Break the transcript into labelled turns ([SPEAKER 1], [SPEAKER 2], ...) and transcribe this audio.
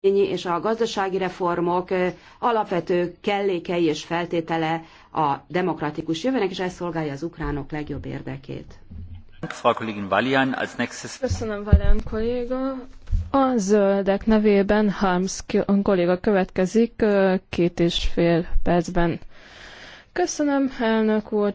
[SPEAKER 1] és a gazdasági reformok alapvető kellékei és feltétele a demokratikus jövőnek, és ez szolgálja az ukránok legjobb érdekét. Köszönöm,
[SPEAKER 2] Valen kolléga. A zöldek nevében Harms kolléga következik két és fél percben.
[SPEAKER 3] Köszönöm, elnök úr.